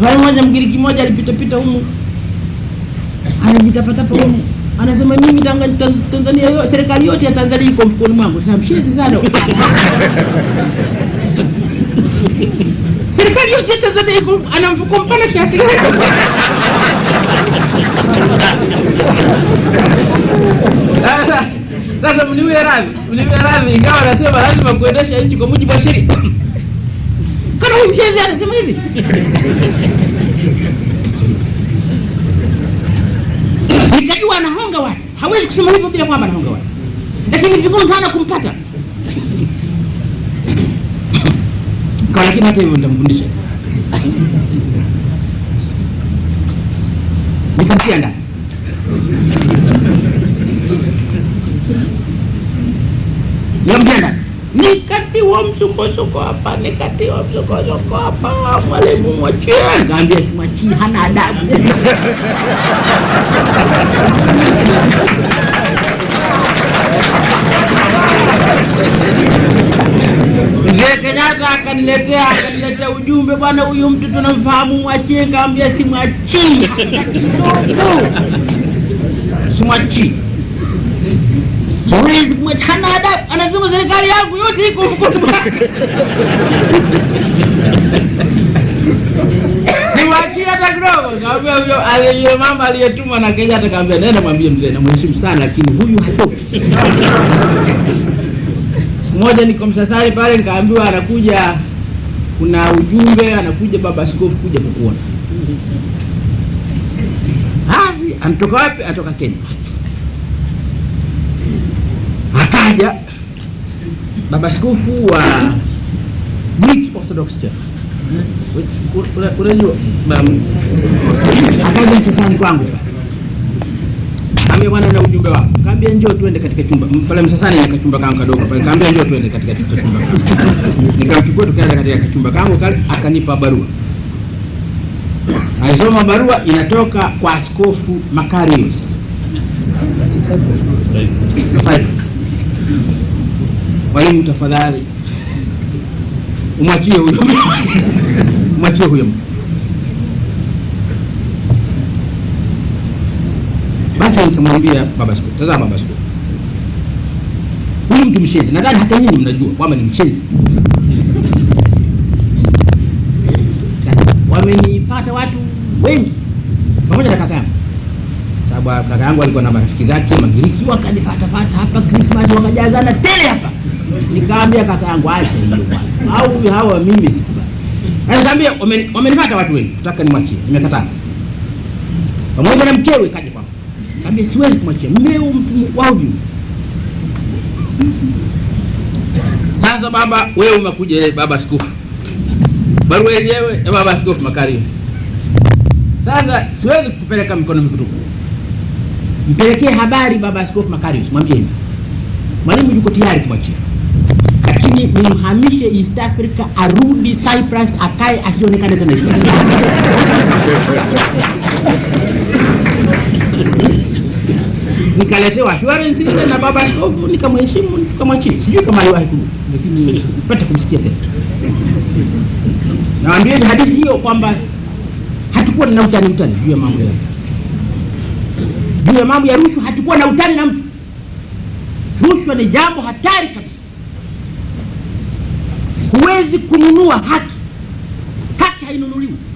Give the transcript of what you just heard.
Safari moja Mgiriki moja alipitapita humu, anajitapatapa humu, anasema mimi tanga Tanzania yote, serikali yote ya Tanzania iko mfukoni mwangu. Sasa mshezi sana serikali yote ya Tanzania iko ana mfuko mpana kiasi gani? Sasa sasa mniwe radhi, mniwe radhi, ingawa nasema lazima kuendesha nchi kwa mujibu wa sheria hivi shevi anasema hivi nikajua anahonga watu. Hawezi kusema hivyo bila kwamba anahonga watu, lakini vigumu sana kumpata kwa, lakini hata hivyo nitamfundisha nikamtia ndani yamtia ndani katiwa msukosuko hapa, nikatiwa msukosuko hapa. Mwalimu mwachie, ngambia simwachii, hana adabu Mzee Kenyatta akaniletea akaniletea ujumbe, bwana, huyu mtu tunamfahamu, mwachie. Kaambia simwachii, simwachii hawezi kumwacha, hana Anasema serikali yangu yote iko mkono wako, hata kidogo. Kaambia huyo mama aliyetuma na Kenya, atakaambia nenda mwambie mzee namheshimu sana, lakini huyu hatoki. Siku moja niko Msasani pale, nikaambiwa anakuja, kuna ujumbe, anakuja baba skofu kuja kukuona. Basi anatoka wapi? Anatoka Kenya. Kaja baba askofu wa Greek Orthodox Church, unajua kaja kwangu bwana na ujumbe wako. Kaambia njoo tuende katika chumba pale Msasani, na kachumba kangu kadogo pale. Kaambia njoo tuende katika chumba kangu, nikamchukua tukaenda katika chumba kangu kale, akanipa barua Aisoma barua inatoka kwa Askofu Makarius Mwalimu tafadhali umwachie huyo umwachie huyo. Basi nikamwambia baba Skofu, tazama baba Skofu, huyu mtu mchezi, nadhani hata nyinyi mnajua kwamba ni mchezi. Wamenifata watu wengi pamoja na kaka yangu, sababu kaka yangu alikuwa na marafiki zake Magiriki, wakanifatafata hapa Krismasi, wakajazana tele hapa Nikaambia kaka yangu acha hiyo bwana, au hawa mimi sikubali. Nikaambia wamenipata watu wengi, nataka nimwachie, nimekataa. Pamoja na mkewe kaje kwangu, kaambia siwezi kumwachia mmeo, mtu wa ovyo. Sasa baba, wewe umekuja, eh, baba askofu, barua yenyewe ya baba askofu Makario. Sasa siwezi kupeleka mikono mikutuku, mpelekee habari baba askofu Makario, mwambie mwalimu yuko tayari kumwachia Mwinyi mumhamishe East Africa arudi Cyprus akae asionekane tena nikaletewa assurance ile na baba askofu, nikamheshimu nikamwachia. Sijui kama aliwahi ku, lakini kumsikia tena. Nawaambia hadithi hiyo kwamba hatukuwa na utani utani juu ya mambo ya juu ya mambo ya rushwa, hatukuwa na utani na mtu. Rushwa ni jambo hatari kabisa. Huwezi kununua haki, haki hainunuliwi.